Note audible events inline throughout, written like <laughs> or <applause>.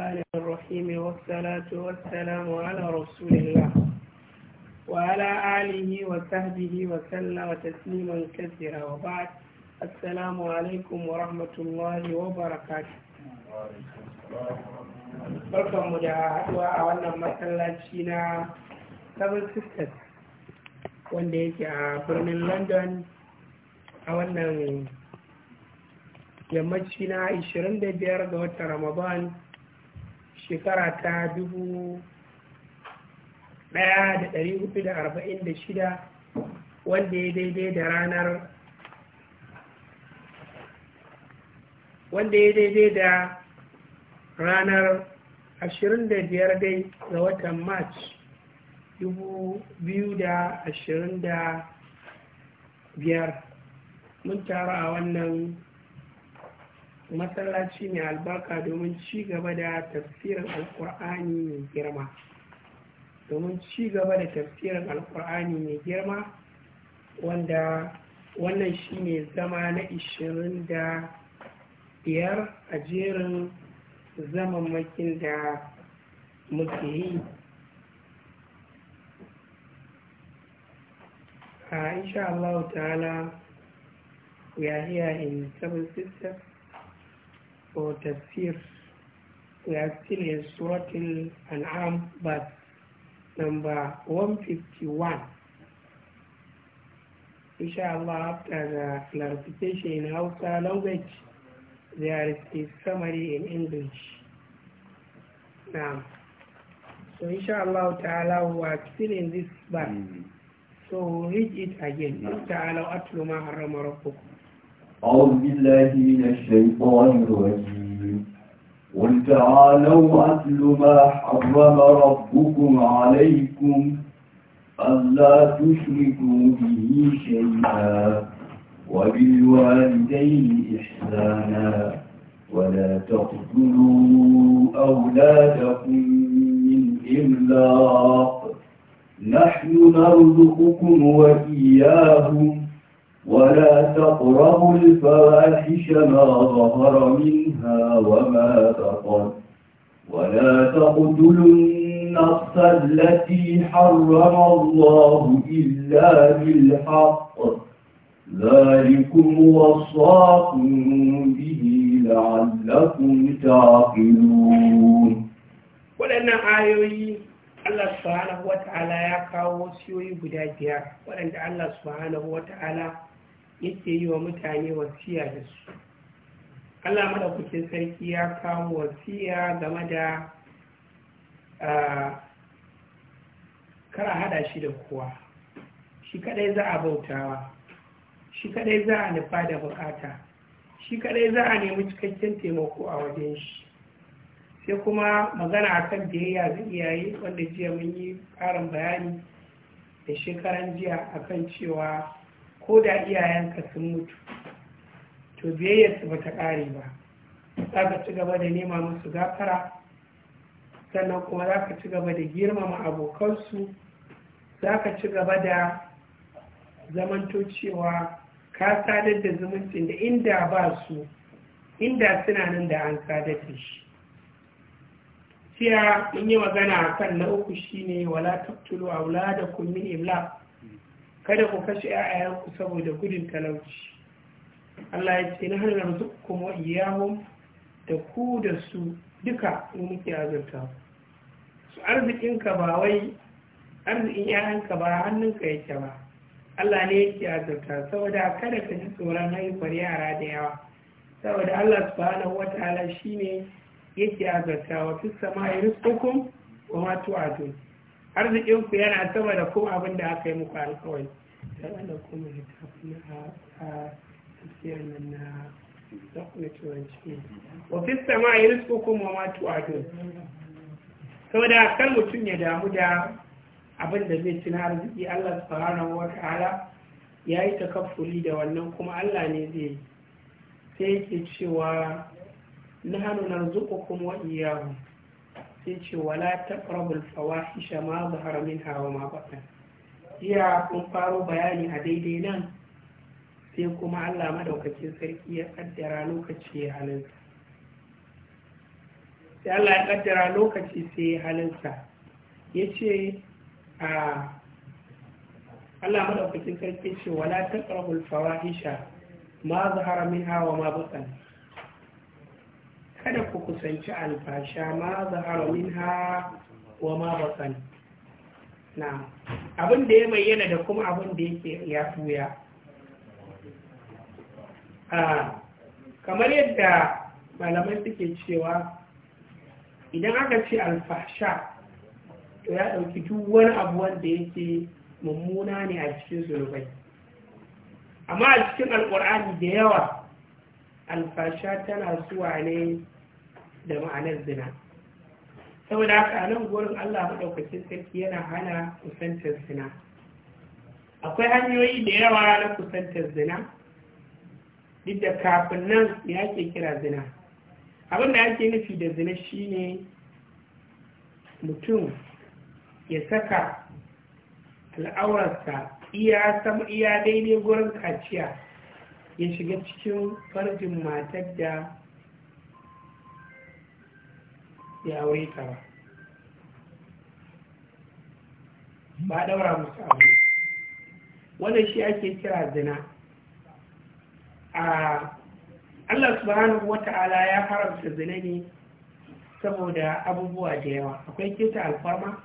الرحمن الرحيم والصلاة والسلام على رسول الله وعلى آله وصحبه وسلم تسليما كثيرا وبعد السلام عليكم ورحمة الله وبركاته barkan mu da haɗuwa a wannan masallaci na seven sisters wanda yake a birnin london a wannan yammaci na 25 ga watan ramadan shekara ta dubu ɗaya da ɗari hudu da arba'in da shida wanda ya daidai da ranar wanda ya daidai da ranar 25 dai ga watan march 2025 mun taru a wannan masallaci ne albarka domin ci gaba da tafsirin alkur'ani mai girma domin ci gaba da tafsirin alkur'ani mai girma wanda wannan ne zama na 25 a jerin zamanmakin da muke yi a insha Allah ta'ala ya are in seven for the tafsir. We are still in Surah Al-An'am, but number 151. Inshallah, after the clarification in Hausa language, there is a summary in English. Now, so inshallah ta'ala we are still in this verse. Mm-hmm. So read it again. تعالوا atlu ما حرم ربكم أعوذ بالله من الشيطان الرجيم قل تعالوا أتل ما حرم ربكم عليكم ألا تشركوا به شيئا وبالوالدين إحسانا ولا تقتلوا أولادكم من إملاق نحن نرزقكم وإياهم ولا تقربوا الفواحش ما ظهر منها وما بطن ولا تقتلوا النفس التي حرم الله إلا بالحق ذلكم وصاكم به لعلكم تعقلون ولنا آيوي الله سبحانه وتعالى يا قاوة سيوي بداية ولن الله سبحانه وتعالى yake yi wa mutane wasiya da su allah madaukakin sarki ya kawo wasiya game da kara hada shi da kowa shi kadai za a bautawa shi kadai za a nufa da bukata shi kadai za a nemi cikakken taimako a wajen shi sai kuma magana akan biyayya ga iyaye wanda jiya mun yi karin bayani da shekaran jiya akan cewa ko da iyayenka sun mutu to biyayyarsu ba ta ƙare ba za ka ci gaba da nema musu gafara sannan kuma za ka ci gaba da girmama abokansu za ka ci gaba da zamanto cewa ka sadar da zumuncin da inda ba su inda suna nan da an sadar da shi siya in yi magana a kan na uku shine wala tuktulu da min imla kada ku kashe 'ya'yanku saboda gudun talauci Allah ya ce na hannun su kuma iyahun da ku da su duka in muke azurta su arzikinka ba wai arzikin ‘ya'yanka ba hannunka yake ba Allah ne yake azurta saboda kada ka ji tsoron haifar yara da yawa saboda Allah subhanahu wa ta'ala shine yake azurta wa fi samai rizqukum wa ma tu'adun arzikin ku yana sama da kuma abin da aka yi muku alƙawari don ana kuma littafi a tafiyar nan na na turanci wafi sama yi risko kuma ma tu'adun saboda kar mutum ya damu da abin da zai tuna arziki allah subhanahu wa ta'ala ya yi takaffuli da wannan kuma allah ne zai sai yake cewa na hannu na zuƙuƙun wa iyahu sai ce wala taqrabul fawahisha ma zahara minha hawa ma batana jiya kun faro bayani a daidai nan sai kuma allah madaukakin sarki ya kaddara lokaci ya halinsa sai allah ya kaddara lokaci sai ya halinsa ya ce a allah madaukakin sarki ce wala ta ƙarful fawahisha ma zahara min hawa ma bukan kada ku kusanci alfasha ma zahara min ha wa ma bakan na abin da ya bayyana da kuma abin da yake ya tuya kamar yadda malamai suke cewa idan aka ce alfasha to ya ɗauki duk wani abu wanda yake mummuna ne a cikin zunubai amma a cikin alkur'ani da yawa alfasha tana zuwa ne da ma'anar zina saboda haka a nan gurin Allah maɗaukacin sarki yana hana kusantar zina akwai hanyoyi da yawa na kusantar zina duk da kafin nan ya ke kira zina abin da ake nufi da zina shine mutum ya saka al'aurarsa iya samu iya daidai gurin kaciya ya shiga cikin farjin matar da ya aure ta ba ba a ɗaura musu aure wannan shi ake kira zina a Allah subhanahu wata'ala ya haramta zina ne saboda abubuwa da yawa akwai keta alfarma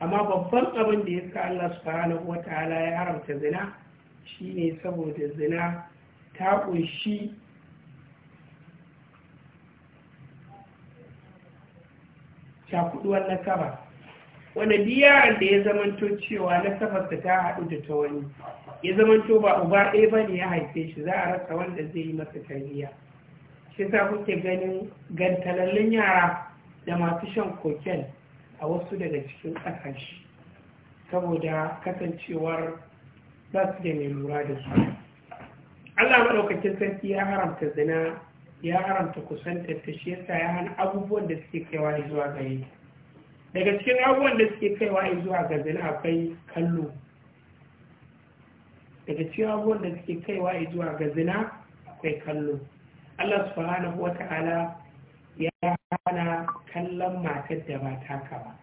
amma babban abin da ya sa Allah subhanahu wata'ala ya haramta zina shine saboda zina ta ƙunshi Ta cakuduwar nasaba wanda duk da ya zamanto cewa da ta haɗu da ta wani ya zamanto ba uba ɗaya ba ne ya haife shi za a rasa wanda zai yi masa tarbiyya shi sa kuke ganin gantalallun yara da masu shan koken a wasu daga cikin ƙasashe saboda kasancewar ba su da mai lura da su Allah maɗaukakin sarki ya haramta zina ya haramta kusantar ta shi yasa ya hana abubuwan da suke kaiwa zuwa ga yi daga cikin abubuwan da suke kaiwa zuwa ga zina akwai kallo daga cikin abubuwan da suke kaiwa zuwa ga zina akwai kallo Allah subhanahu wa ta'ala ya hana kallon matar da ba taka ba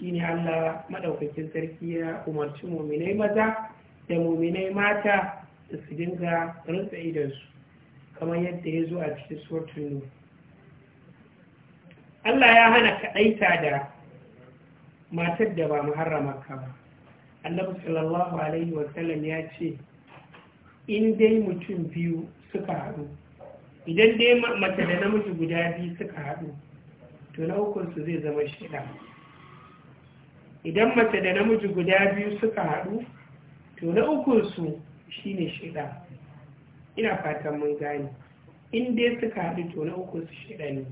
ne Allah madaukakin sarki ya umarci muminai maza da muminai mata da su dinga rantsa idonsu kamar yadda ya zo a cikin suratun nu Allah ya hana kaɗaita da matar da ba muharrama ka ba annabi sallallahu alaihi wasallam ya ce in dai mutum biyu suka haɗu idan dai mace da namiji guda biyu suka haɗu to na ukunsu zai zama shida idan mace da namiji guda biyu suka haɗu to na ukunsu shine shida ina fatan mun gane in dai suka haɗu to na uku su shida ne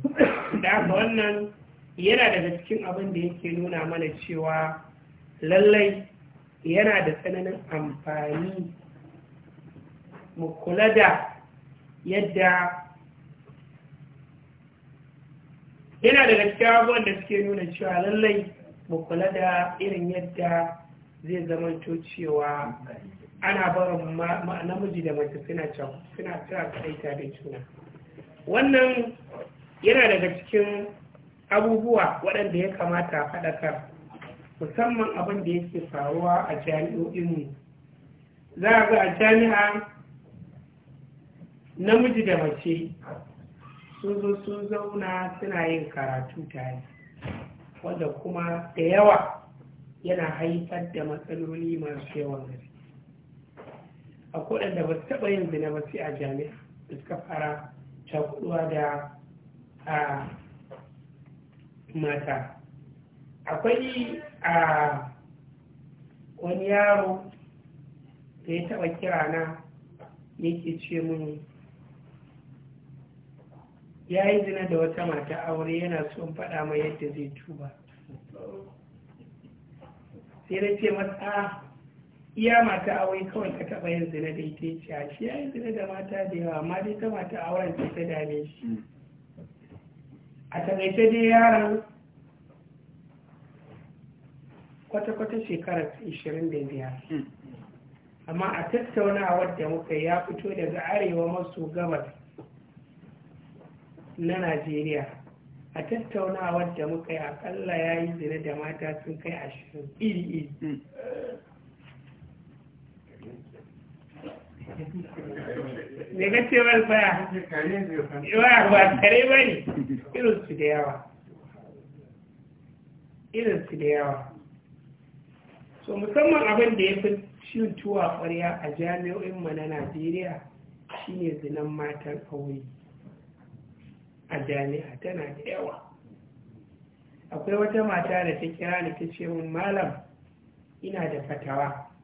da haka wannan yana daga cikin abin da yake nuna mana cewa lallai yana da tsananin amfani mu kula da yadda yana daga cikin abubuwan da suke nuna cewa lallai mu kula da irin yadda zai zamanto cewa ana barin namiji da mace suna can suna ta kaita da juna wannan yana daga cikin abubuwa waɗanda ya kamata a faɗakar musamman abin da yake faruwa a jami'o'inmu za a ga a jami'a namiji da mace sun zo sun zauna suna yin karatu tare wanda kuma da yawa yana haifar da matsaloli masu yawan gaske a waɗanda ba su taɓa yin zina ba sai a jami'a da suka fara cakuɗuwa da a mata akwai a wani yaro da ya taɓa kira na yake ce mun ya yi zina da wata mata aure yana son faɗa mai yadda zai tuba sai na ce masa ah, iya mata aure kawai ka taɓa yin zina da ita ce shi ya yi zina da mata da yawa amma dai ta mata auren ce ta dame shi hmm. a taƙaice dai yaron kwata-kwata shekarar 25 hmm. amma a tattaunawar da muka ya fito daga arewa maso gabas na najeriya a tattaunawar da muka yi akalla ya yi zina da mata sun kai ashirin iri-iri hmm. Daga baya, yawa ba tare ba ne irinsu da da yawa so musamman abin da ya fi cin tuwa ƙwarya a jami'o'in mana na najeriya shine zinan matan aure a jami'a tana da yawa akwai wata mata da ta kira da ta ce min malam ina da fatawa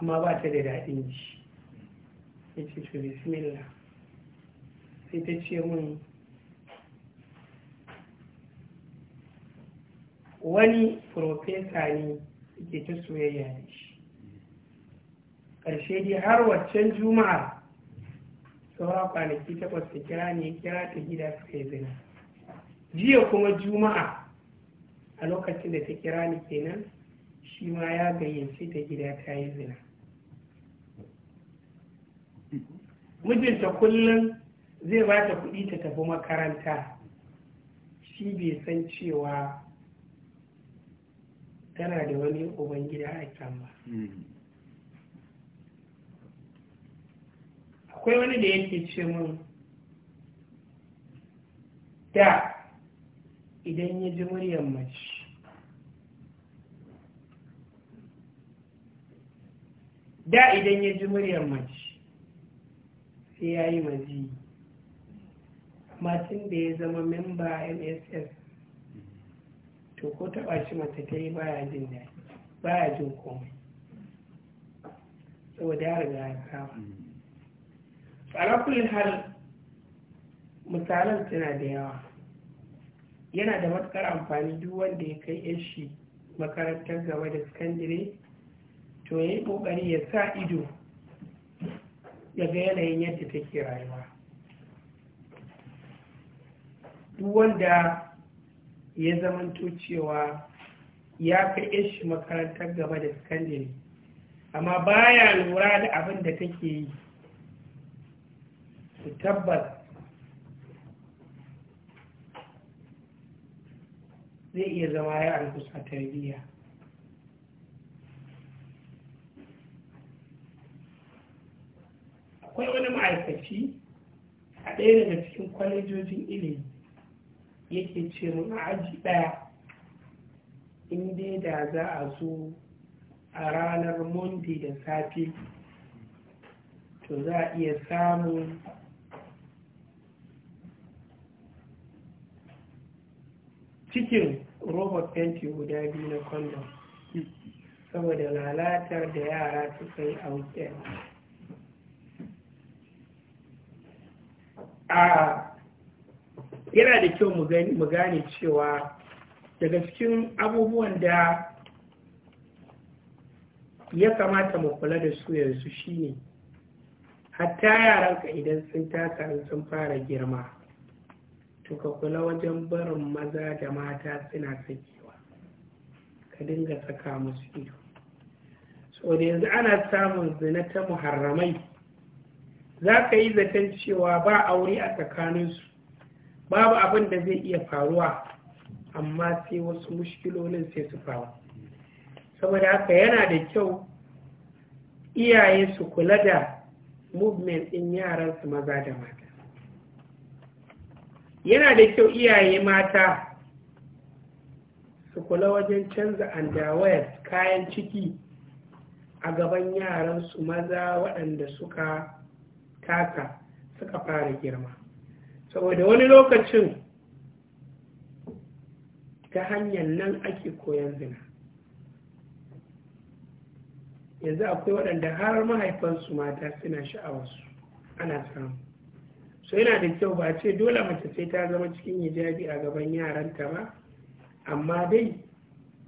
amma ba ta da daɗin ji ya ce to bismillah sai ta ce mun wani profesa ne ke ta soyayya da shi ƙarshe dai har waccan juma'a saura kwanaki takwas ta kira ne kira ta gida suka yi zina jiya kuma juma'a a lokacin da ta kira ni kenan shi ma ya gayyace ta gida ta yi zina mijinta kullum zai ba ta kuɗi ta tafi makaranta shi bai san cewa tana da wani ubangida a can ba akwai wani da yake ce mun da idan ya ji muryar mace da idan ya ji muryar mace sai ya yi waje amma tun da ya zama memba mss to ko taɓa shi mace ta yi baya jin daɗi baya jin komai saboda ya riga ya kama tsara hal misalan suna da yawa yana da matukar amfani duk wanda ya kai shi, makarantar gaba da sakandire to ya yi ƙoƙari ya sa ido daga yanayin yadda take rayuwa duk wanda ya zamanto cewa ya kai shi makarantar gaba da sakandare amma baya lura da abin da take yi su tabbas zai iya zama ya alkusa tarbiyya akwai wani ma'aikaci a ɗaya daga cikin kwalejojin ilimi yake ce mun a aji ɗaya in dai da za a zo a ranar monday da safe to za a iya samun cikin robot fenti guda biyu na kwallon saboda lalatar da yara suka yi a weekend yana da kyau mu gane cewa daga cikin abubuwan da ya kamata mu kula da su yanzu shine hatta yaranka idan sun taka sun fara girma to ka kula wajen barin maza da mata suna sakewa ka dinga saka musu ido so da yanzu ana samun zina ta muharramai za ka yi zaton cewa ba aure a tsakaninsu babu abin da zai iya faruwa amma sai wasu mushkilolin sai su faru saboda haka yana da kyau iyaye su kula da movement ɗin yaransu maza da mata yana da kyau iyaye mata su kula wajen canza andawayar kayan ciki a gaban yaransu maza waɗanda suka taka suka fara girma saboda wani lokacin ta hanyar nan ake koyan zina yanzu akwai waɗanda har mahaifansu mata suna sha'awarsu ana samu so yana da kyau ba ce dole mace sai ta zama cikin hijabi a gaban yaranta ba amma dai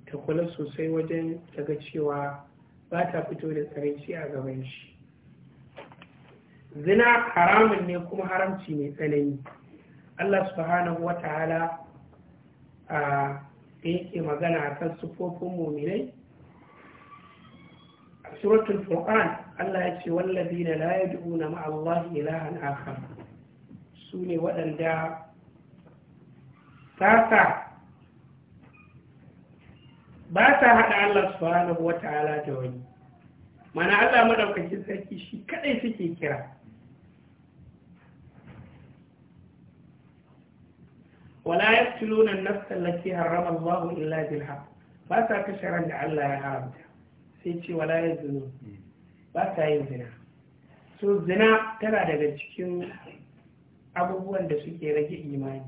ta kula sosai wajen ta ga cewa ba ta fito da tsaraici a gaban shi zina haramun ne kuma haramci mai tsanani Allah subhanahu wa ta'ala a da yake magana a kan sufofin muminai a suratul furqan Allah ya ce wallazina la yad'una ma'a Allah ilahan akhar su ne waɗanda sasa ba ta haɗa Allah subhanahu wa ta'ala da wani mana Allah madaukakin sarki shi kaɗai suke kira wala yaqtuluna an-nafs allati harrama Allah illa bil haqq ba sa kashe ran da Allah ya haramta sai ce wala ya yazunu ba sa yin zina so zina tana daga cikin abubuwan da suke rage imani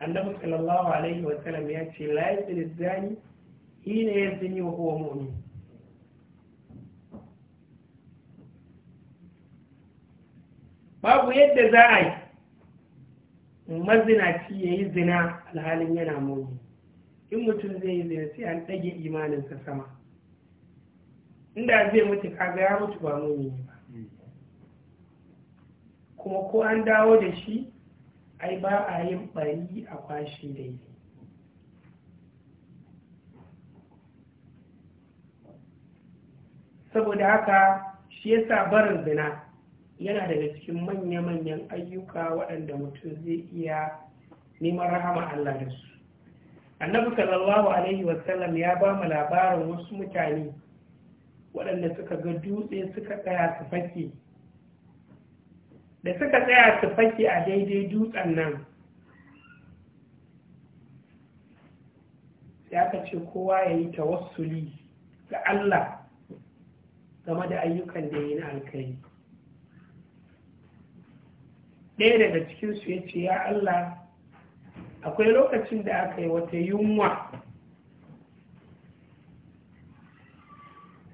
annabi sallallahu alaihi wa sallam ya ce la yazni zani hina yazni wa huwa mu'min babu yadda za a yi mazinaci ya yi zina alhalin yana momi in mutum zai yi zina sai an ɗage imaninsa sama inda zai mutu kaga ya mutu ba ne ba kuma ko an dawo da shi ai ba a yin ɓari a kwashe daidai saboda haka shi yasa barin zina yana daga cikin manya-manyan ayyuka waɗanda mutum zai iya neman rahama Allah da su annabi sallallahu alaihi wasallam ya ba mu labarin wasu mutane waɗanda suka ga dutse suka tsaya su fake da suka tsaya su fake a daidai dutsen nan sai aka ce kowa ya yi tawassuli ga Allah game da ayyukan da yi na alkai ɗaya daga cikinsu ya ce ya Allah akwai lokacin da aka yi wata yunwa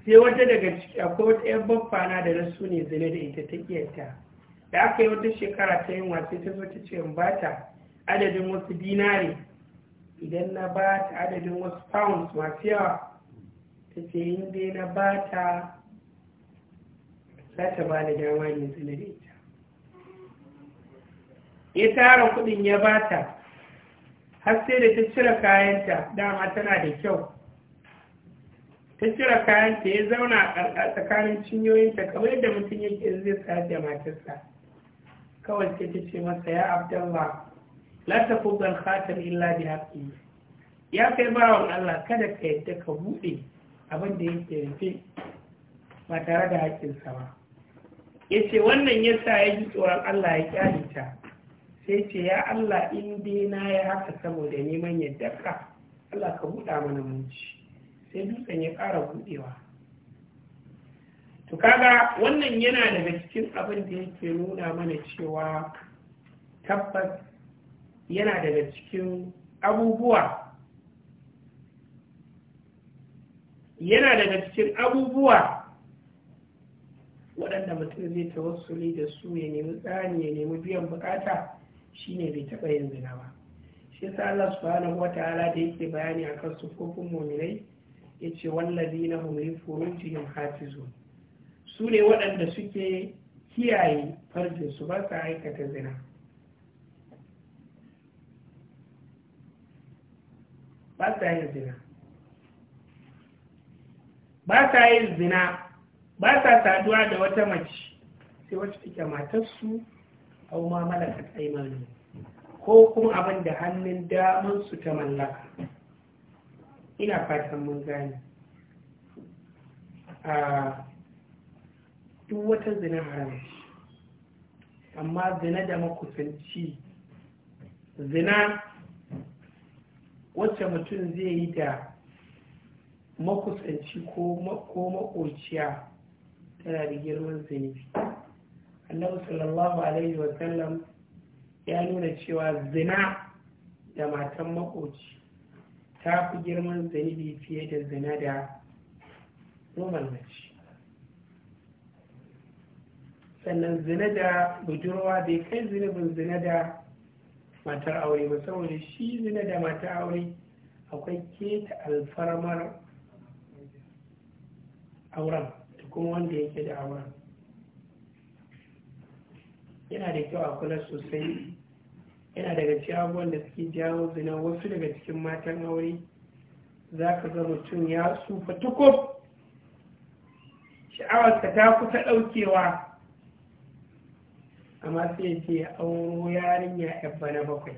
sai wata daga ciki akwai wata ‘yan babbana da na su ne zane da ita ta ƙiyarta da aka yi wata shekara ta yunwa sai ta zo ta ce in ba ta adadin wasu dinari idan na ba ta adadin wasu pounds masu yawa ta ce in dai na ba ta za ta ba da dama ne zane da ita ya tara kuɗin ya bata har sai da ta cire kayanta dama tana da kyau ta cire kayanta ya zauna a tsakanin cinyoyinta kamar yadda mutum yake zai sayar da matarsa kawai sai ta ce masa ya abdallah la ta fugal khatar illa bi haƙi ya kai bawan Allah kada ka yadda ka buɗe abin da yake rufe ba tare da haƙƙinsa ba ya ce wannan ya sa ya ji tsoron Allah ya kyale ta sai ce ya Allah in dai na ya haka saboda neman yadda ka Allah ka buɗa mana munci sai dutsen ya ƙara buɗewa to kaga wannan yana daga cikin abin da yake nuna mana cewa tabbas yana daga cikin abubuwa yana daga cikin abubuwa waɗanda mutum zai tawassuli da su ya nemi tsari ya nemi biyan bukata Shi ne bai taɓa yin zina ba shi yasa Allah subhanahu ta'ala da yake bayani kan sufofin mu'minai yace wallazina hum yin hati zo su ne waɗanda suke kiyaye farjinsu su ba sa aikata zina ba sa yin zina ba sa yin zina ba sa saduwa da wata mace sai wacce take matarsu au ma malakat aimanu ko kuma abin da hannun daman su ta mallaka ina fatan mun gane a duk wata zina haram amma zina da makusanci zina wacce mutum zai yi da makusanci ko makociya tana da girman zunubi annabi sallallahu alaihi wasallam ya nuna cewa zina da matan makoci ta fi girman zanibi fiye da zina da roman mace sannan zina da budurwa bai kai zinibin zina da matar aure ba saboda shi zina da matar aure akwai keta alfarmar auren da kuma wanda yake da auren yana da kyau a kula sosai yana daga cikin abubuwan da suke jawo zina wasu daga cikin matan aure za ka ga mutum ya tsufa tukub sha'awarsa ta kusa ɗaukewa amma sai ce auro yarinya yabba na bakwai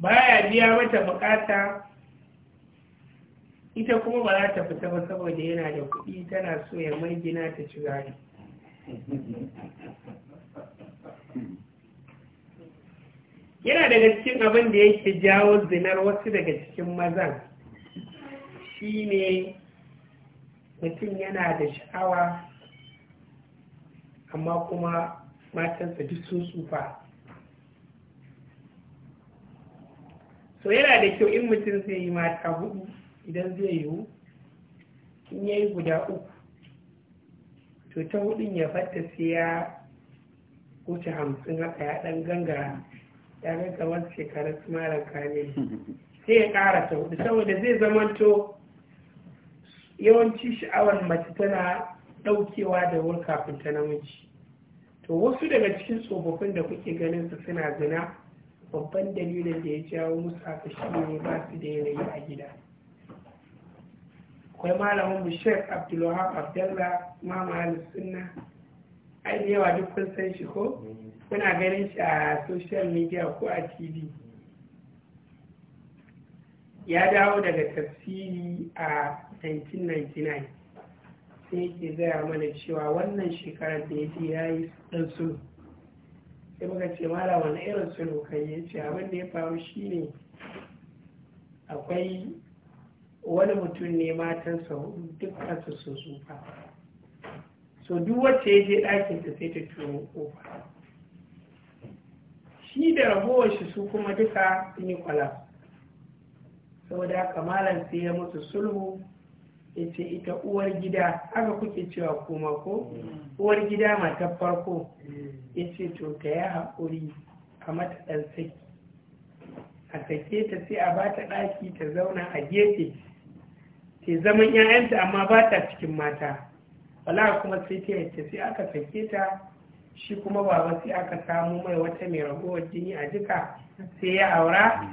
baya biya mata bukata ita kuma ba za ta fita ba saboda yana da kuɗi tana so ya mai gina ta ci yana daga cikin abin da yake jawo zinar wasu daga cikin mazan shine mutum yana da sha'awa amma kuma matansa duk sun tsufa so yana da kyau in mutum zai yi mata hudu idan zai yiwu in ya yi guda uku to ta hudun ya fata sai ya wuce hamsin haka ya dan ganga ya ga kamar shekarar malam kane sai ya ƙara ta hudu saboda zai zamanto yawanci sha'awar mace tana ɗaukewa da wuri kafin ta namiji to wasu daga cikin tsofaffin da kuke ganin su suna zina babban dalilin da ya jawo musu haka shi ne ba su da yanayi a gida akwai malamin bishiyar abdulwahab abdallah mama sunna ai da yawa duk kun san shi ko mm. kuna ganin shi a social media ko a tv ya dawo daga tafsiri a 1999 sai yake zaya mana cewa wannan shekarar da ya ya yi dan sulhu sai muka ce mala wani irin sulu kan ya ce abin da ya faru shine akwai wani mutum ne matansa duk dukkan su sun tsufa so duk wacce ya je ɗakinta sai ta turo ƙofa shi da ragowar shi su kuma duka sun yi kwala saboda haka sai ya mutu sulhu ya ce ita uwar gida haka kuke cewa kuma ko uwar gida farko ya ce to ta yi haƙuri a mata ɗan saki a sake ta sai a ba ta ɗaki ta zauna a gefe ta zaman 'ya'yanta amma ba ta cikin mata wala kuma sai ta yace sai aka sake ta shi kuma baba sai aka samu mai wata mai ragowar jini a jika sai ya aura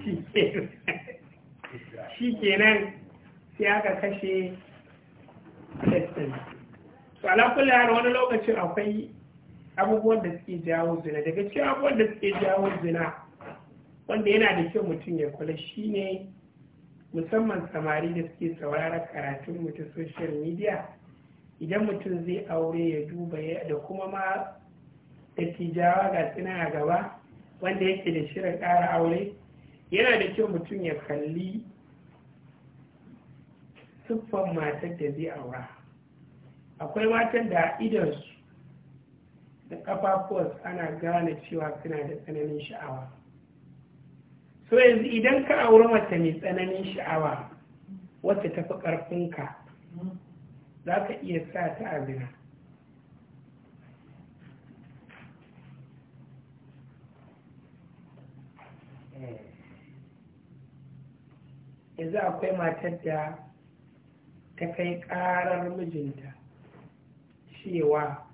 shi kenan <laughs> sai aka kashe testin to ala kulli har wani lokacin akwai abubuwan da suke jawo zina daga cikin abubuwan da suke jawo zina wanda yana da kyau mutum ya kula shine musamman samari da suke sauraron karatun mu ta social media idan mutum zai aure ya duba da kuma ma dattijawa ga suna a gaba wanda yake da shirin ƙara aure yana da kyau mutum ya kalli siffan matar da zai aura akwai matan da idansu da ƙafafuwarsu ana gane cewa suna da tsananin sha'awa so yanzu idan ka auri mata mai tsananin sha'awa wacce tafi fi ƙarfinka za ka iya sa ta a zina eh. yanzu akwai matar da ta kai karar mijinta cewa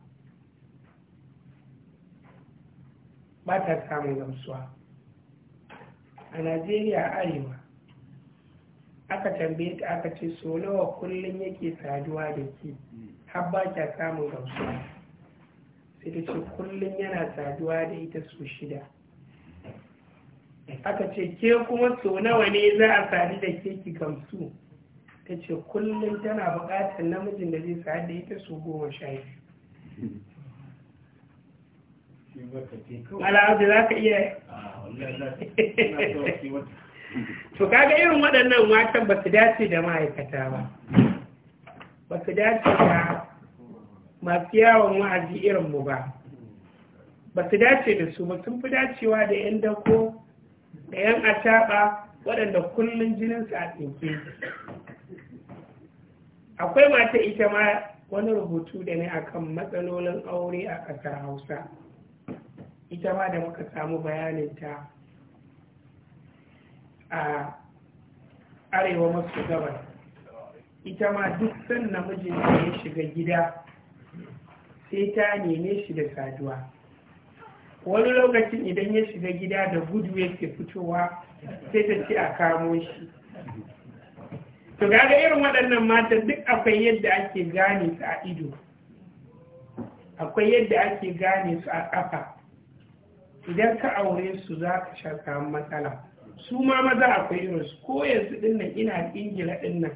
ba ta samun gamsuwa a najeriya arewa aka tambaye ta aka ce so nawa kullum yake saduwa da ke har ba kya samun gamsuwa sai ta ce kullum yana saduwa da ita so shida aka ce ke kuma so nawa ne za a sadu da ke ki gamsu ta ce kullum tana buƙatar namijin da zai sadu da ita so goma sha biyu ala'adu za ka iya ah, to kaga irin waɗannan matan ba su dace da ma'aikata ba ba su dace da masu yawon wa'azi irinmu ba ba su dace da su ba sun fi dacewa da 'yan dako da 'yan ataɓa waɗanda kullum jininsu a tsinke akwai mata ita ma wani rubutu da ne akan matsalolin aure a ƙasar hausa ita ma da muka samu bayaninta a arewa maso gabar ita ma duk san namijin da ya shiga gida sai ta neme shi da saduwa wani lokacin idan ya shiga gida da gudu yake fitowa sai ta ce a kamo shi to gaga irin waɗannan matan duk akwai yadda ake gane su a ido akwai yadda ake gane su a ƙafa idan ka aure su za ka sha matsala su ma maza akwai irinsu ko yanzu din nan ina ingila ɗinnan nan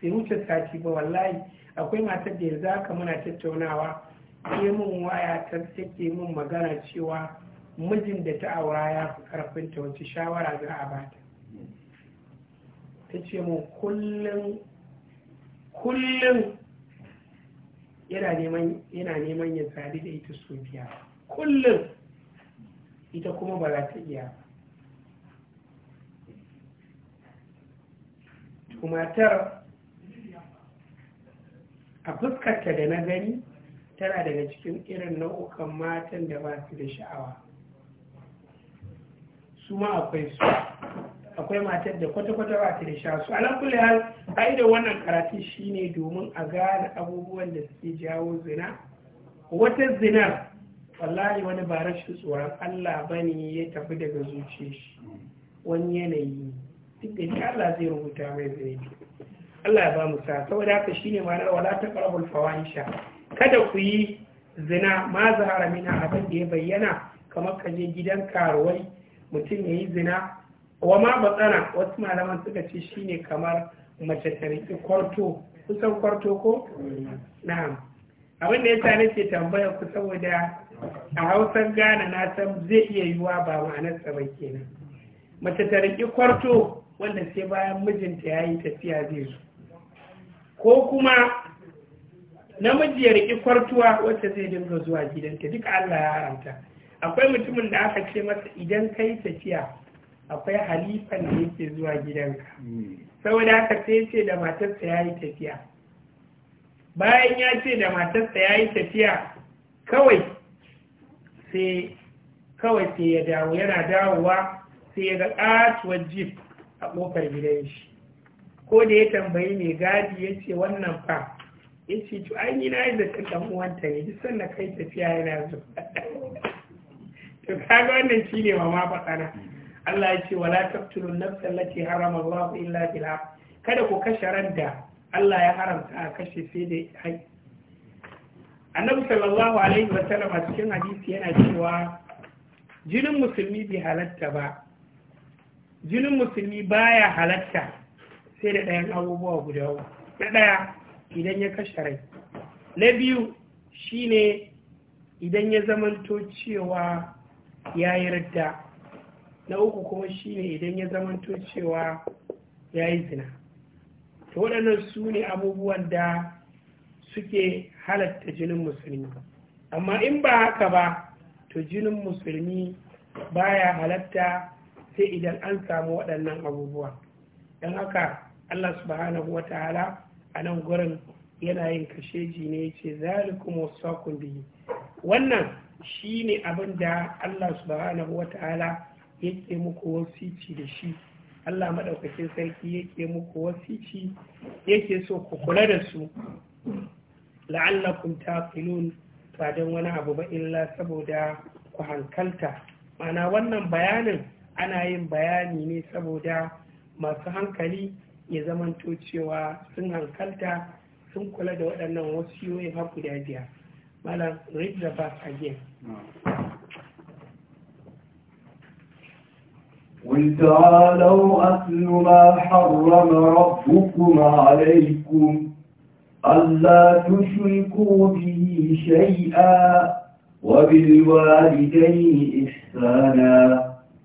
sai wuce sati ba wallahi akwai matar da yanzu haka muna tattaunawa ke mun waya ta take mun magana cewa mijin da ta aura ya fi karfinta wacce shawara za a bata ta ce mu kullum kullum yana neman ya sadu da ita sofiya kullum ita kuma ba za ta iya matar a fuskarta da na gani tana daga cikin irin nau'ukan matan da ba su da sha'awa su ma akwai su akwai matar da kwata-kwata ba su da sha'awa su alakulli hal ka'idar wannan karatu ne domin a gane abubuwan da suke jawo zina wata zinar wallahi wani ba rashin tsoron allah ba ne ya tafi daga zuciya shi wani yanayi duk ni Allah zai rubuta mai zunubi Allah ya ba mu sa saboda haka shine ma'anar wala taqrabul fawahisha kada ku yi zina ma zahara mina abin da ya bayyana kamar ka je gidan karuwai mutum ya yi zina wa ma batsana wasu malaman suka ce shine kamar mace ta riƙi kwarto kusan kwarto ko na'am abin da ya sa nake tambaya ku saboda a hausar Ghana na san zai iya yiwa ba ma'anar sa ba kenan mace ta riƙi kwarto Wanda sai bayan mijinta ya yi tafiya zai zo ko kuma namiji ya riƙi kwartuwa wacce zai dinga zuwa gidanta duk allah ya haramta akwai mutumin da aka ce masa idan ka yi tafiya akwai halifan da yake zuwa gidanka saboda haka sai ya ce da matarsa ya yi tafiya bayan ya ce da matarsa ya yi tafiya kawai sai kawai sai ya dawo yana dawowa sai ya ga ƙatuwar jif. a ƙofar gidan shi ko da ya tambayi mai gadi ya ce wannan fa ya ce to an yi na yi da ɗan uwanta ne duk sanda kai tafiya yana zuwa to kaga wannan shi ne mama faɗana Allah ya ce wala taqtulun nafsa allati harama Allahu illa bil kada ku kashe ran da Allah ya haramta a kashe sai da hai Annabi sallallahu alaihi wa sallam cikin hadisi yana cewa jinin musulmi bai halatta ba jinin musulmi baya halatta sai da ɗayan abubuwa guda na ɗaya idan ya kashe rai na biyu shine idan ya zamanto cewa ya yi radda na uku kuma shine idan ya zamanto cewa ya yi zina to waɗannan su ne abubuwan da suke halatta jinin musulmi amma in ba haka ba to jinin musulmi baya halatta sai idan an samu waɗannan abubuwa don haka allah subhanahu wa ta'ala a nan gurin yana yin kasheji ne ce zalikum wasakun bihi wannan shine abin da allah subhanahu wa ta'ala yake muku wasici da shi allah maɗaukakin sarki yake muku wasici yake so ku kula da su la'allakum taqilun ba don wani abu ba illa saboda ku hankalta mana wannan bayanin ana yin bayani ne saboda masu hankali ya zamanto cewa sun hankalta sun kula da waɗannan wasiyoyin har guda biyar malam read the verse again قل تعالوا أتل ما حرم ربكم عليكم ألا تشركوا به شيئا وبالوالدين إحسانا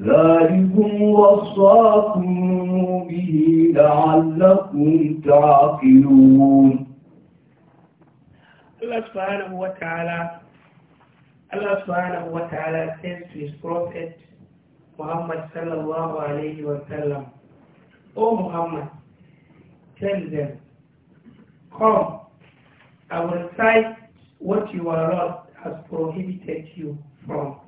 ذلكم وصاكم به لعلكم تعقلون Allah subhanahu wa ta'ala Allah subhanahu wa ta'ala says to his prophet Muhammad sallallahu alayhi wa sallam O Muhammad tell them come I will cite what your Lord has prohibited you from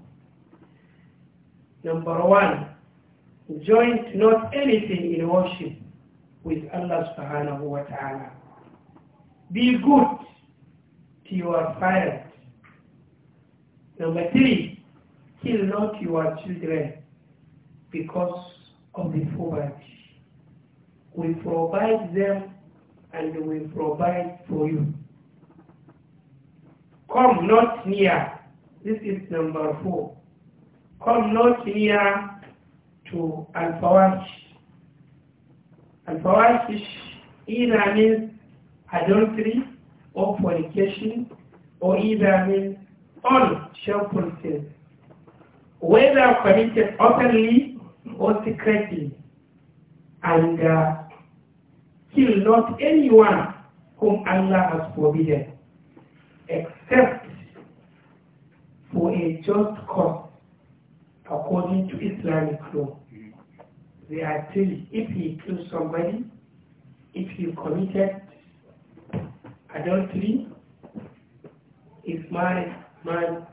Number one, join not anything in worship with Allah subhanahu wa ta'ala. Be good to your parents. Number three, kill not your children because of the poverty. We provide them and we provide for you. Come not near. This is number four come not here to al-fawahish. Al-fawahish either means adultery or fornication or either means all shameful sins, whether committed openly or secretly, and uh, kill not anyone whom Allah has forbidden, except for a just cause according to Islamic law. Mm-hmm. they are three. If he killed somebody, if he committed adultery, if my man,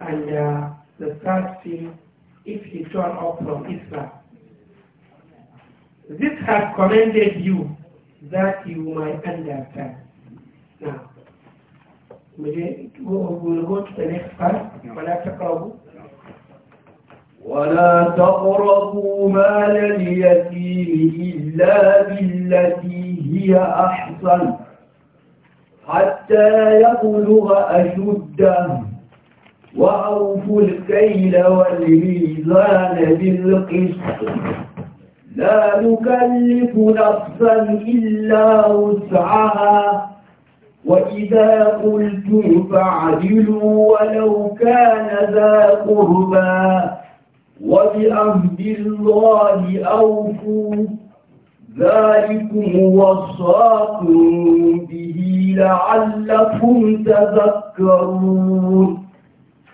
and uh, the third thing, if he turned off from Islam. This has commended you that you might understand. Now, we will go to the next part. ولا تقربوا مال اليتيم إلا بالتي هي أحسن حتى يبلغ أشده وأوفوا الكيل والميزان بالقسط لا نكلف نفسا إلا وسعها وإذا قلتم فاعدلوا ولو كان ذا قربا وبأمر الله أوفوا ذلكم وصاكم به لعلكم تذكرون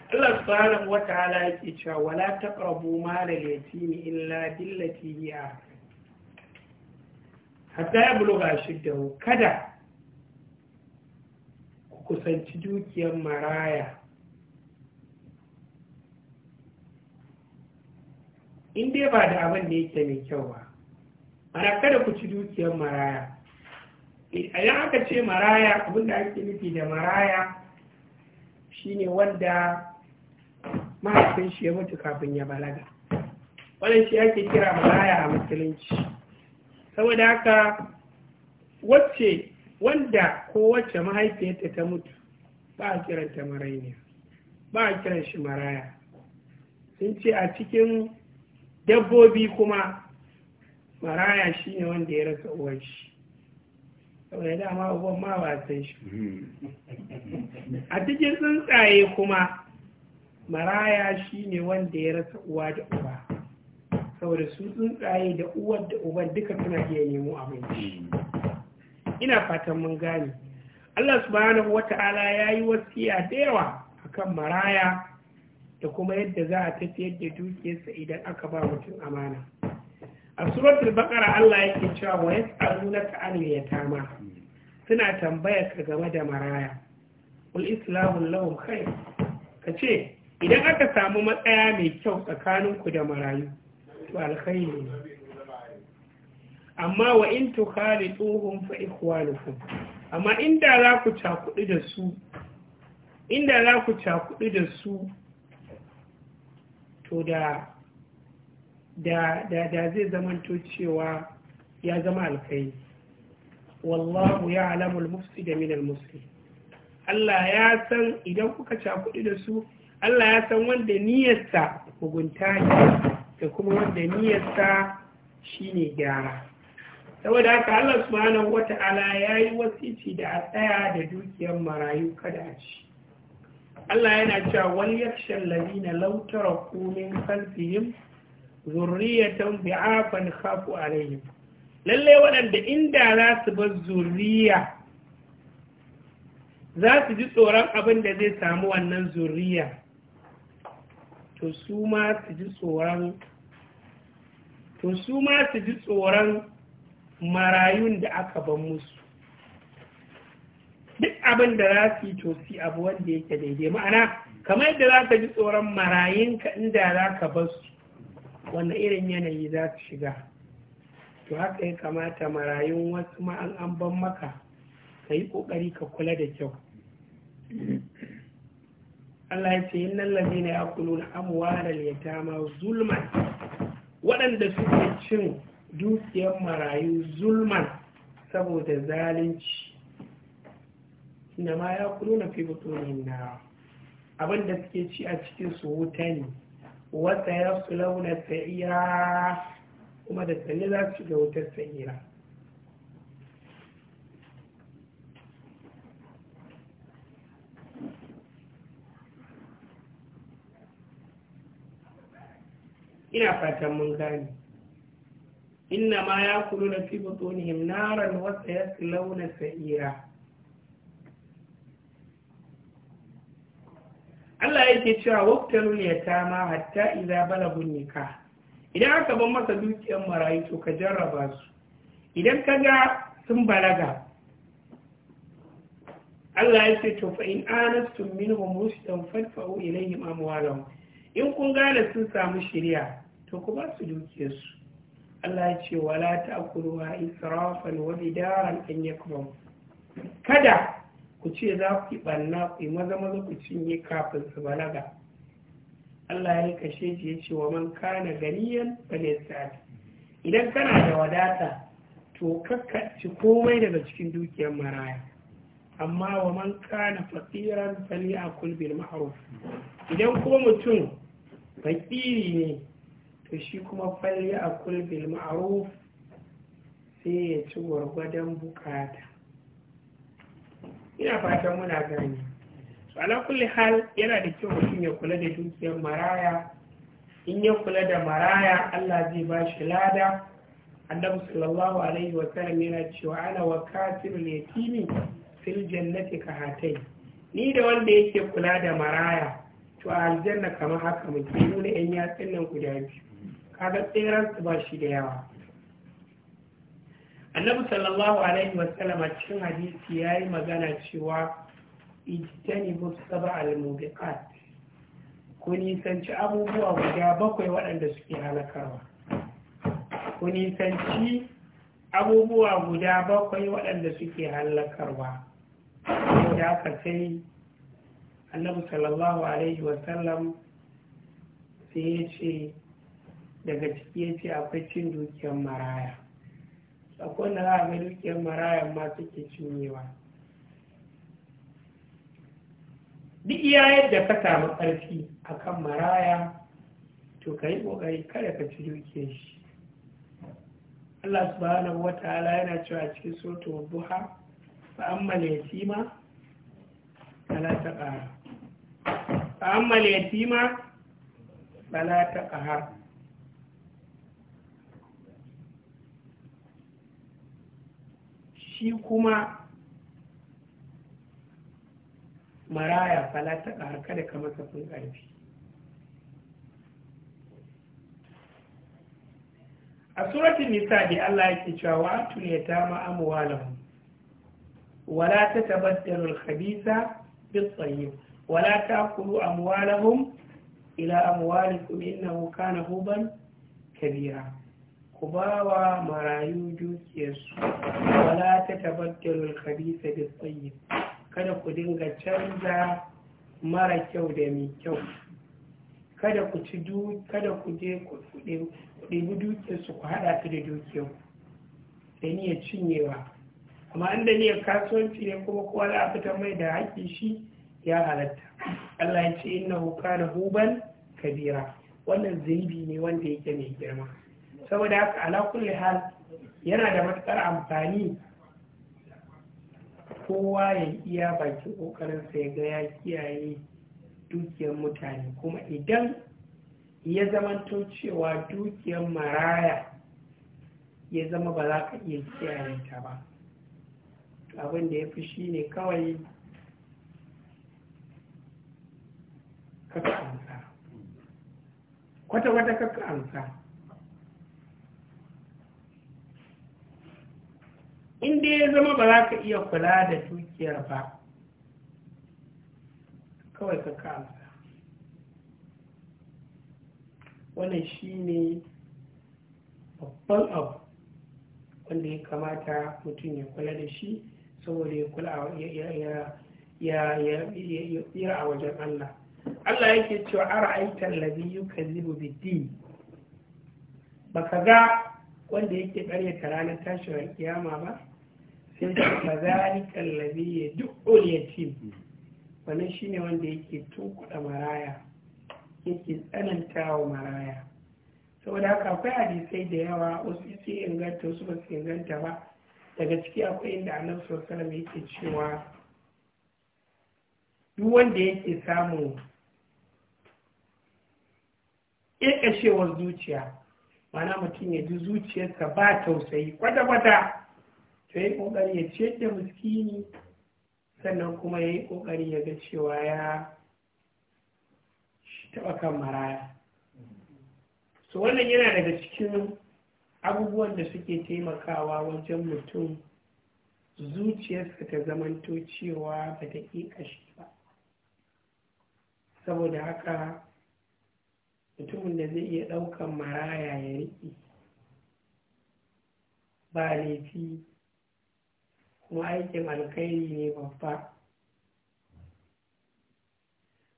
Allah subhanahu wa ta'ala yake cewa wala taqrabu mal al-yatim illa billati hiya hatta ya buluga shiddahu kada ku kusanci dukiyar maraya in dai ba da abin da yake mai kyau ba ana kada ku ci dukiyar maraya idan aka ce maraya abin da ake nufi da maraya shine wanda mahaifin shi ya mutu kafin ya balaga wannan shi ake kira maraya a musulunci saboda haka wacce wanda ko wacce mahaifiyarta ta mutu ba a kiranta maraya ba a kiran shi maraya sun ce a cikin dabbobi kuma maraya shi ne wanda ya rasa uwan shi saboda dama uban ma ba san shi hmm. a cikin tsuntsaye kuma maraya shi ne wanda ya rasa uwa da uba saboda su tsuntsaye da uwar da uban duka suna iya nemo abinci hmm. ina fatan mun gane Allah subhanahu ta'ala ya yi wasiya da yawa akan maraya da kuma yadda za a tafiyar da dukiyarsa idan aka ba mutum amana a suratul baqara Allah yake cewa wa ka an yatama suna tambaya ka game da maraya ul islamu lahum khair kace idan aka samu matsaya mai kyau tsakanin ku da marayu to alkhairi ne amma wa in tukhalituhum fa ikhwanukum amma inda za ku cakudu da su inda za ku cakudu da su to da da zai zamanto cewa ya zama alkai wallahu ya alamul mufsi da minal mufsi Allah ya san idan kuka cakuɗi da su Allah ya san wanda niyyarsa mugunta ne da kuma wanda niyyarsa shine gyara saboda haka Allah subhanahu wata'ala ya yi wasici da a tsaya da dukiyar marayu kada a ci Allah yana cewa wal yakhshal ladina law taraku min khalfihim zurriyatan bi'afan khafu alayhim lalle waɗanda inda za su bar zurriya za su ji tsoron abin da zai samu wannan zurriya to su ma su ji tsoron to su ma su ji tsoron marayun da aka ban musu duk abin da za su yi to abu wanda yake daidai ma'ana kamar yadda za ka ji tsoron marayinka inda za ka bar su wanda irin yanayi za su shiga to haka ya kamata marayun wasu ma'an an ban maka ka yi ƙoƙari ka kula da kyau Allah ya ce ne kulu na yaquluna amwaral yatama zulman waɗanda suke cin dukiyar marayu zulman saboda zalunci na ma ya kulu na fi butunin na abin da suke ci a cikin su wuta ne wata ya su launa sa'ira kuma da tsalle za su ga wutar sa'ira ina fatan mun gane inna ma ya kulu na fi butunihim naran wata ya su launa sa'ira Allah yake cewa ta ma hatta idza ne nikah idan aka ban masa dukiyar marayu to ka jarraba su idan ka ga sun balaga Allah ya ce to fa in anastum minhum rushdan fadfa'u ilayhim amwalahum in kun gane sun samu shiriya to ku ba su dukiyar su Allah ya ce wala ta'kuluha israfan wa bidaran an yakbum kada ku ce za ku yi ɓanna ku yi maza maza ku cinye kafin su balaga Allah ya kashe shi ya ce wa man kana ganiyan falisat idan kana da wadata to kakka ci komai daga cikin dukiyar maraya amma wa man kana fasiran fali a kulbin ma'ruf idan ko mutum fakiri ne to shi kuma fali a kulbin ma'aruf sai ya ci gwargwadon bukata ina fatan muna gani so ala kulli hal yana da kyau mutum ya kula da dukiyar maraya in ya kula da maraya Allah zai ba shi lada annabi sallallahu alaihi wa sallam yana cewa ana wa ne tini fil jannati ka hatai ni da wanda yake kula da maraya to aljanna kamar haka muke nuna yan yatsun nan guda biyu kaga tseren su ba shi da yawa annabi sallallahu alaihi wasallam a cikin hadisi ya yi magana cewa ijtani saba al-mubiqat ku nisanci abubuwa guda bakwai waɗanda suke halakarwa ku nisanci abubuwa guda bakwai waɗanda suke halakarwa yau da aka sai annabi sallallahu alaihi wasallam sai ya ce daga ciki ya ce akwai cin dukiyar maraya akwai na za a ga dukiyar marayan ma suke cinyewa duk iya yadda ka samu ƙarfi a kan maraya to ka yi ƙoƙari kada ka ci dukiyar shi Allah subhanahu wa ta'ala yana cewa cikin soto buha fa amma yatima fala ta ƙara fa amma yatima fala ta ƙara shi kuma maraya falata ta kada ka masa sun ƙarfi a suratun nisa da Allah yake cewa wa atul ta ma'amu wala ta al-khabitha bin tayyib wala ta kuru amuwalahun ila amwalikum innahu kana huban kabira ku ba marayu dukiyarsu wala ta tabbatar khabisa da tsayi kada ku dinga canza mara kyau da mai kyau kada ku ci kada ku je ku ɗebi dukiyarsu ku haɗa su da dukiyar da niyyar cinyewa amma inda niyyar kasuwanci ne kuma kowa za a fitar mai da haƙi shi ya halatta Allah ya ce innahu hukana huban kabira wannan zunubi ne wanda yake mai girma saboda haka ala kulli hal yana da matukar amfani kowa ya iya baki kokarin ya ga ya kiyaye dukiyar mutane kuma idan ya zamanto cewa dukiyar maraya ya zama ba za ka iya kiyaye ta ba abin da ya fi shi ne kawai kaka amsa kwata-kwata kaka amsa inda ya zama ba za ka iya kula da dukiyar ba kawai ka kamsa wannan shi ne babban abu wanda ya kamata mutum ya kula da shi saboda ya kula ya a wajen Allah Allah yake cewa ara'aitan ka zibu bidi Ba ka ga wanda yake karyata ranar tashin kiyama ba sai da kazalikal ladhi yad'u yatim wannan ne wanda yake tunkuɗa maraya yake tsananta wa maraya saboda haka akwai hadisai da yawa wasu sai inganta wasu ba inganta ba daga ciki akwai inda annabi sallallahu alaihi yake cewa duk wanda yake samun ƙeƙashewar zuciya mana mutum ya ji zuciyarsa ba tausayi kwata-kwata sai yi ƙoƙari ya ciyar da miskini sannan kuma ya yi ƙoƙari ya ga cewa ya taɓa kan maraya so wannan yana daga cikin abubuwan da suke taimakawa wajen mutum zuciyarsa ta zamanto cewa ba ta ƙashi ba saboda haka mutumin da zai iya ɗaukan maraya ya riƙe ba laifi kuma aikin alkhairi ne babba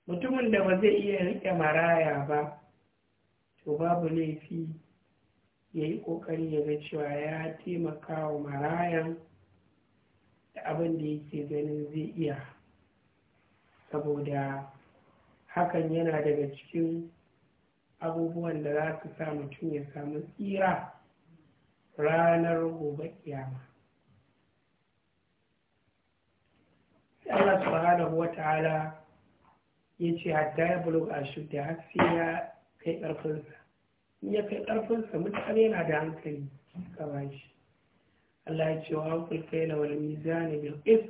mutumin da ba zai iya riƙe maraya ba to babu laifi ya yi ƙoƙari ya ga cewa ya taimaka wa marayan da abin da yake ganin zai iya saboda hakan yana daga cikin abubuwan da za su sa mutum ya samu tsira ranar gobe kiyama Allah subhanahu wa ta'ala ya ce hadda ya bulu a shudda har sai ya kai ƙarfinsa in ya kai ƙarfinsa mutane yana da hankali ka ba shi Allah ya ce wa hankul kai na wani mizani bil ƙis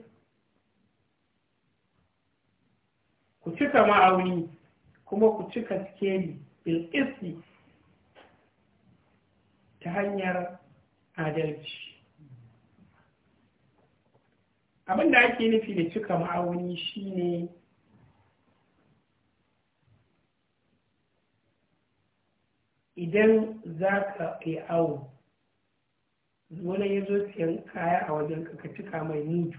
ku cika ma'auni kuma ku cika sikeli bil ta hanyar adalci abin da ake nufi da cika ma'auni shine idan za ka yi awo wani ya zo siyan kaya a wajen ka cika mai mudu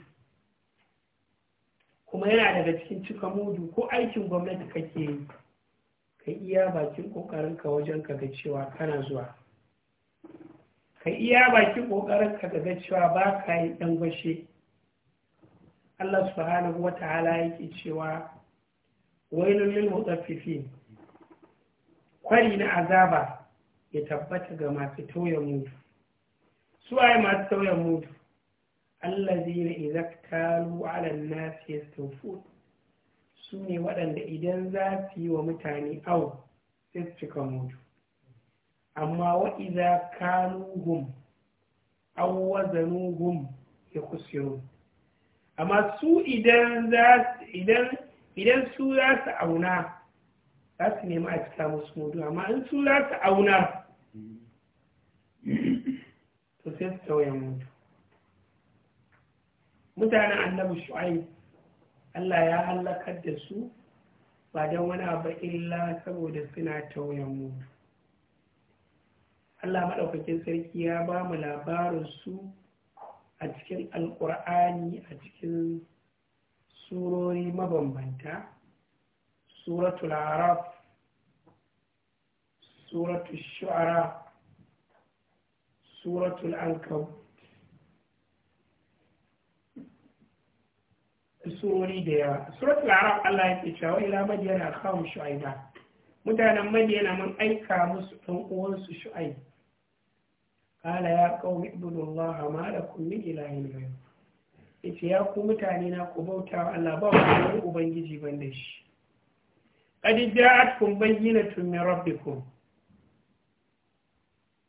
kuma yana daga cikin cika mudu ko aikin gwamnati kake yi ka iya bakin ka wajen ka ga cewa kana zuwa ka iya bakin ka ga cewa ba ka yi dan gwashe Allah subhanahu wa ta'ala yake cewa wailul lil mutaffifin kwari na azaba ya tabbata ga masu toya mutu su ai masu toya mutu allazina idza kalu ala nasi yastawfun su ne waɗanda idan za su yi wa mutane au sai su cika mutu amma wa idza kaluhum aw wazanuhum yakhsirun amma su idan su za su auna za su nema a cika musu mudu amma in su za su auna to sai su tauye mudu mutanen annabi shu'ai Allah ya hallakar da su ba don wani abu illa saboda suna tauye mudu Allah maɗaukakin sarki ya ba mu labarin su a cikin alƙur'ani a cikin surori mabambanta suratul araf suratul shu'ara suratul ankabut surori da yawa suratul araf Allah ya ce cewa ila madiyana kawo shu'aiba mutanen madiyana mun aika musu ɗan uwansu shu'aiba ƙala ya ƙaumi ibudullaha ma da kun min ilahin gani yace ya ku mutane na ku bauta wa Allah ba ku wani ubangiji ban da shi qad ja'atkum bayyinatun min rabbikum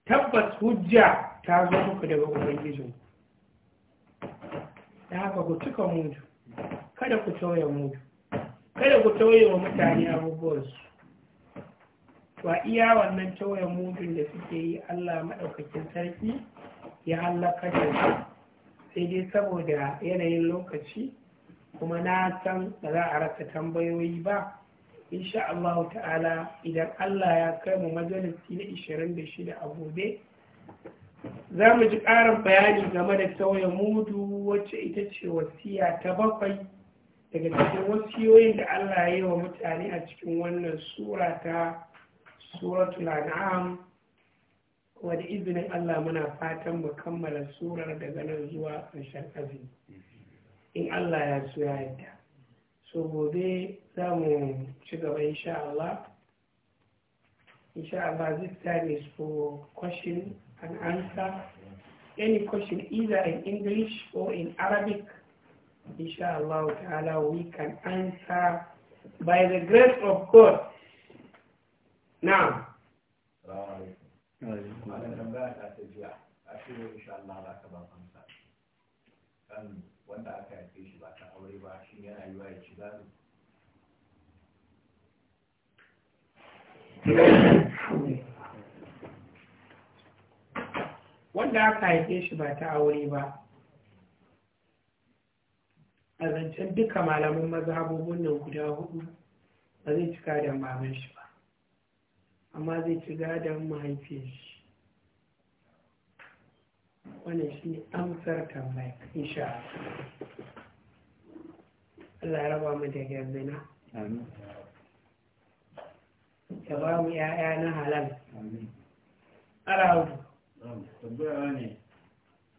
tabbas hujja ta zo muku daga ubangijin da haka ku cika mudu kada ku tauye mutu kada ku tauye wa mutane abubuwansu to a iya wannan tauye mudun da suke yi allah maɗaukakin sarki ya hallaka da su sai dai saboda yanayin lokaci kuma na san ba za a rasa tambayoyi ba insha Allah ta'ala idan Allah ya kai mu majalisi na 26 a gobe za mu ji ƙarin bayani game da sauya mudu wacce ita ce wasiya ta bakwai daga cikin wasiyoyin da Allah ya yi wa mutane a cikin wannan sura ta suratul an'am da izinin Allah muna fatan mu kammala surar daga nan zuwa ƙarshen azumi in Allah ya so ya yadda so gobe za mu ci gaba insha Allah insha Allah this time is question and answer any question either in English or in Arabic insha Allah ta'ala we can answer by the grace of God na'am wanda aka haife shi ba ta aure ba a zancen duka malamin mazhabobin nan guda hudu ba zai cika da maman shi ba amma zai ci gadon mahaifiyar Wani shi ne amsar tambayi, insha Allah raba mu da gyanzina ya ba mu ‘ya'ya na halal hudu tabbara ne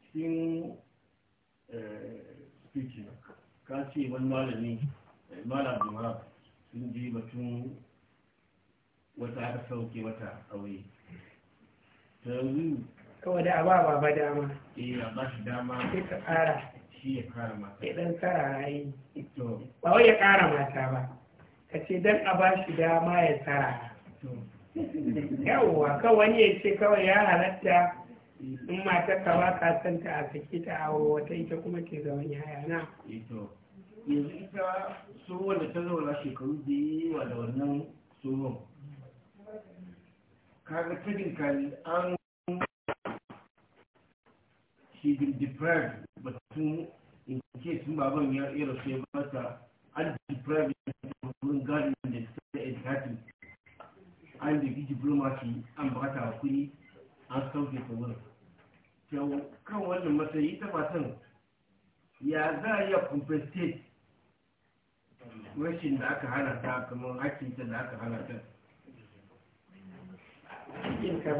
cikin eh, speech ka ce wani malami eh, malam juma sun ji batun wata aka sauke wata aure ta kawai da ba baba dama eh a ba shi dama sai ka kara shi ya kara mata ya dan kara yi ba wai ya kara mata ba ka ce dan a ba shi dama ya tsara yawwa kawai ya ce kawai ya halatta in mata ka ba ka san ta a saki ta a wata ita kuma ke zaman yaya na eh, yanzu ita tsohon da ta zauna shekaru da yawa da wannan tsohon kaga kadin kali an she been deprived but in case baban ya ira sai mata an deprived wurin garden da ta education an da bi diplomacy an bata hakuri an sauke ta wurin kyau kan wannan matsayi ta matan ya za a iya compensate rashin da aka hana ta kamar hakkinta da aka hana ta cikin ka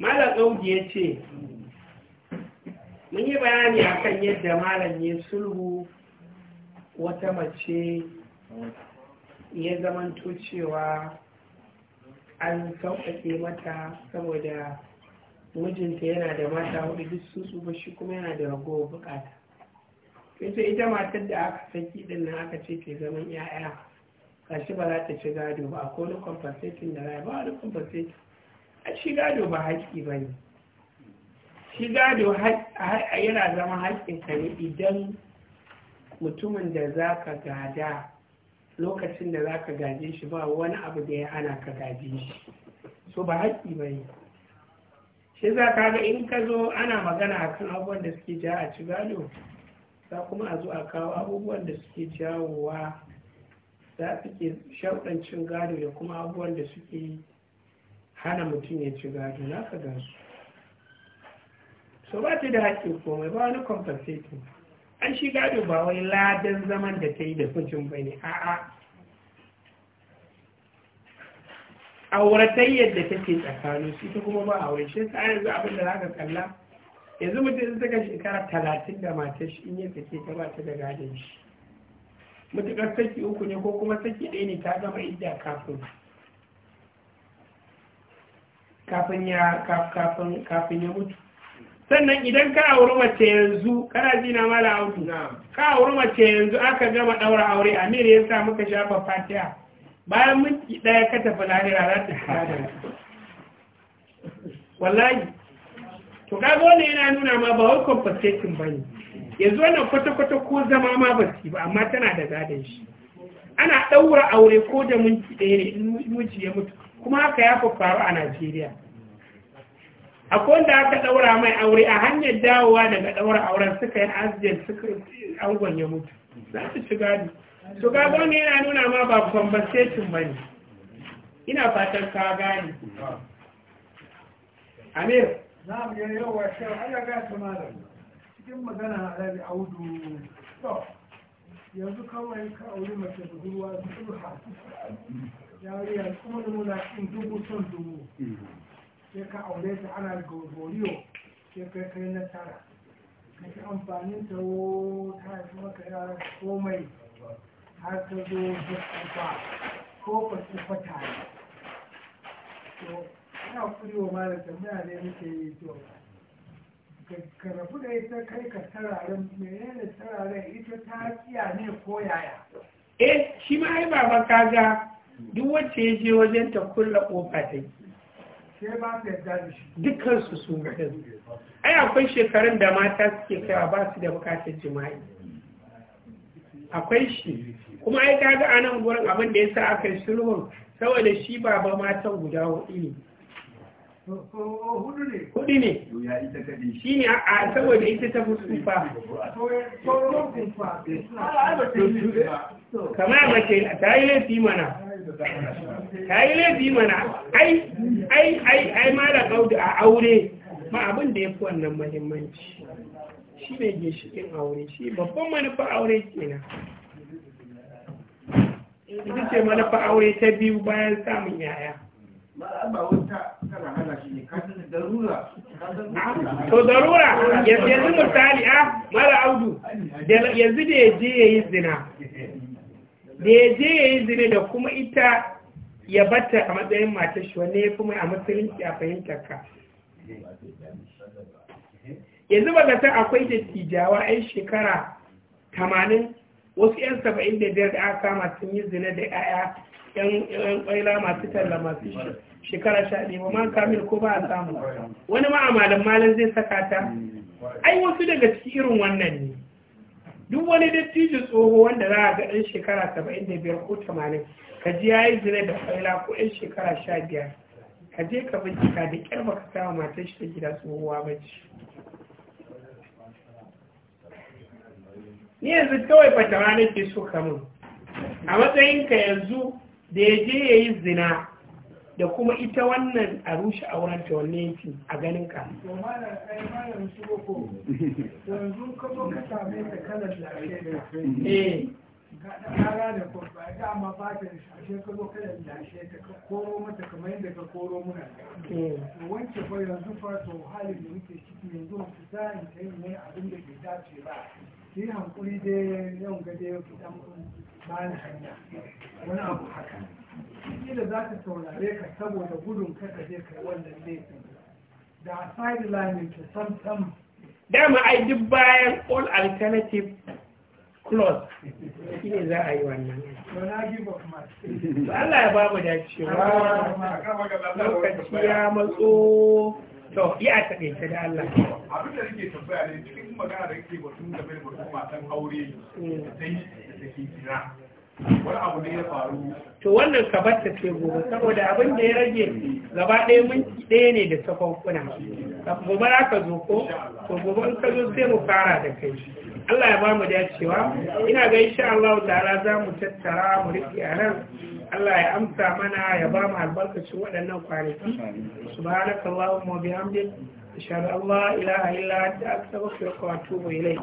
malam gaudi ya ce mun yi bayani akan yadda malam ya sulhu wata mace ya zamanto cewa an sauƙaƙe mata saboda mijinta yana da mata hudu duk su tsufa shi kuma yana da ragowar bukata ita ita matar da aka saki din nan aka ce ke zaman 'ya'ya shi ba za ta ci gado ba akwai wani compensating da rai ba wani compensating a shi gado ba haƙƙi ba ne shi gado yana zama haƙƙinka ne idan mutumin da za ka gada lokacin da za ka gaje shi ba wani abu da ya hana ka gaje shi so ba haƙƙi ba ne shi za ka ga in ka zo ana magana a kan abubuwan da suke ja a ci gado za kuma a zo a kawo abubuwan da suke jawowa za su ke cin gado da kuma abubuwan da suke yi hana mutum ya ci gado na ka gasu so ba ta da haƙƙin komai ba wani compensating an shi gado ba wai ladan zaman da ta yi da mutum ba ne a'a auratayyar da take tsakanin su ita kuma ba a aure shi ta yanzu abin da za ka kalla yanzu mutum in saka shekara talatin da matar shi in yi sake ta ba da gadon shi mutukar saki uku ne ko kuma saki ɗaya ne ta gama idda kafin kafin ya kafin kafin ya mutu sannan idan ka auri mace yanzu kana ji na mala auto ka auri mace yanzu aka gama daura aure amir ya sa muka shafa fatiha bayan minti daya ka tafi lahira za ta fara wallahi to kaga wannan yana nuna ma ba wai compensation bane yanzu wannan kwata-kwata ko zama ma ba su ba amma tana da gadon shi ana daura aure ko da minti ɗaya ne in muci ya mutu kuma haka ya faru a najeriya akwai da aka ɗaura mai aure a hanyar dawowa daga ɗaura auren suka yi asibiyar suka angon ya mutu za su ci gani. su gado ne yana nuna ma ba conversation ba ne ina fatan ka gani amir za mu yi yawa a yaga ta malam cikin magana a rabi audu yanzu kawai ka aure mace da ruwa su ruha. yariya kuma da muna cin dubu son dubu sai ka aure ta ana gorgoriyo, sai kai kai na tara ka ci amfanin ta wo ta haifi maka yara komai har ka zo ta ko ba su fata to ina kuri wa mara tambaya ne muke yi to ka rabu da ita kai ka tararen menene tararen ita ta ne ko yaya eh shi ma ai baba kaga duk wacce ya je wajen ta kulla kofa ta yi dukansu su ɗin ai akwai shekarun da mata suke kawa ba su da bukatar jima'i akwai shi kuma ai kaga a nan gurin abin da ya sa aka yi sulhun saboda shi baba matan guda hudu ne hudu ne shi ne a saboda ita ta kufa kamar mace ta yi laifi mana ta yi laifi mana ai ai ai mara gaudu a aure ma abin da ya fi wannan mahimmanci shi ne ginshikin aure shi babban manufa aure kenan ita ce manufa aure ta biyu bayan samun yaya ba to darura yanzu misali a ah, mara audu yanzu da ya ya yi zina da ya ya yi zina da kuma ita ya batta a matsayin matar shi wanne ya kuma a musulunci a fahimtar ka yanzu ba zata akwai da tijawa 'yan shekara tamanin wasu 'yan saba'in da biyar da aka kama sun yi zina da 'ya'ya yan kwaila masu talla masu shekara sha ɗaya ba ma kamil ko ba a samu wani ma a malam malam zai saka ta ai wasu daga cikin irin wannan ne duk wani dattijo tsoho wanda za a ga ɗan shekara saba'in da biyar ko tamanin ka ji ya yi zina da kwaila ko 'yan shekara sha biyar ka je ka bincika da ƙyar baka sama matar shi ta gida tsohuwa ba ci ni yanzu kawai fatawa ke so kamun a matsayinka yanzu da ya je ya yi zina da kuma ita wannan a rushe auren ta wanne yake a ganin ka yanzu ka zo ka same ta kalar lashe eh. kara da kurba dama ba ta shashe ka zo kada lashe ta ka koro mata kamar yadda ka koro muna eh. to wance fa yanzu fa to hali da muke ciki yanzu wasu sa'in ta yi ne abin da bai dace ba ki hankuri dai yau ga dai fitan bani hanya wani abu haka za saurare ka saboda gudun kada zai kai wannan laifin da a sideline sam sam dama ai duk bayan all alternative close shi ne za a yi wannan Allah ya babu dacewa lokaci ya matso to ya taƙaice da Allah abin da nake tambaya ne cikin magana da yake batun da bai batun matan aure hmm. da yi to wannan ka ce gobe saboda abin da ya rage gaba ɗaya minti ɗaya ne da sakwakuna gobe za ka zo ko to gobe in ka zo sai mu fara da kai Allah ya ba mu dacewa ina ga insha Allah ta'ala za mu tattara mu riƙe a nan Allah ya amsa mana ya ba mu albarkacin waɗannan kwanaki subhanakallahumma wa bihamdik ashhadu an la ilaha illa anta astaghfiruka wa atubu ilayk